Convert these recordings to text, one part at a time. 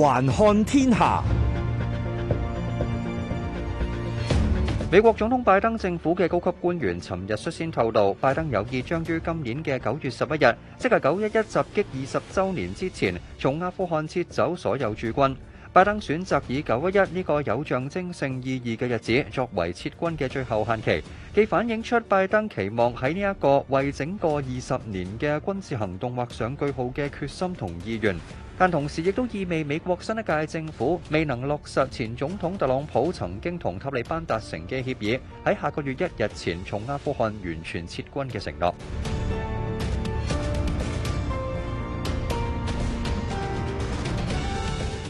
環看天下，美國總統拜登政府嘅高級官員尋日率先透露，拜登有意將於今年嘅九月十一日，即係九一一襲擊二十周年之前，從阿富汗撤走所有駐軍。拜登選擇以九一一呢個有象徵性意義嘅日子作為撤軍嘅最後限期，既反映出拜登期望喺呢一個為整個二十年嘅軍事行動畫上句號嘅決心同意願，但同時亦都意味美國新一屆政府未能落實前總統特朗普曾經同塔利班達成嘅協議，喺下個月一日前從阿富汗完全撤軍嘅承諾。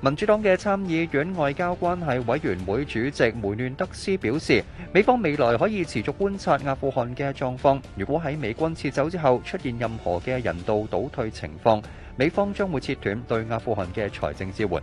民主黨嘅參議院外交關係委員會主席梅嫩德斯表示，美方未來可以持續觀察阿富汗嘅狀況。如果喺美軍撤走之後出現任何嘅人道倒退情況，美方將會切斷對阿富汗嘅財政支援。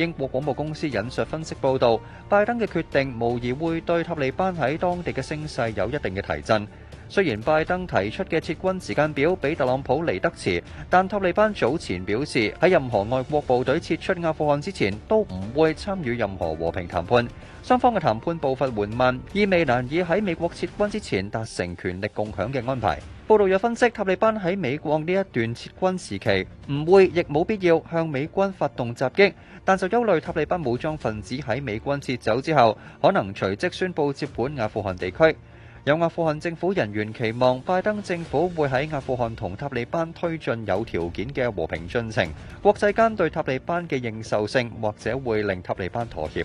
英國廣播公司引述分析報道，拜登嘅決定無疑會對塔利班喺當地嘅聲勢有一定嘅提振。雖然拜登提出嘅撤軍時間表比特朗普嚟得遲，但塔利班早前表示，喺任何外國部隊撤出阿富汗之前，都唔會參與任何和平談判。雙方嘅談判步伐緩慢，意味難以喺美國撤軍之前達成權力共享嘅安排。報道又分析，塔利班喺美國呢一段撤軍時期，唔會，亦冇必要向美軍發動襲擊，但就憂慮塔利班武裝分子喺美軍撤走之後，可能隨即宣佈接管阿富汗地區。有阿富汗政府人員期望拜登政府會喺阿富汗同塔利班推進有條件嘅和平進程，國際間對塔利班嘅認受性或者會令塔利班妥協。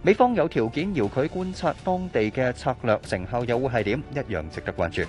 美方有條件遙距觀察當地嘅策略成效又會係點，一樣值得關注。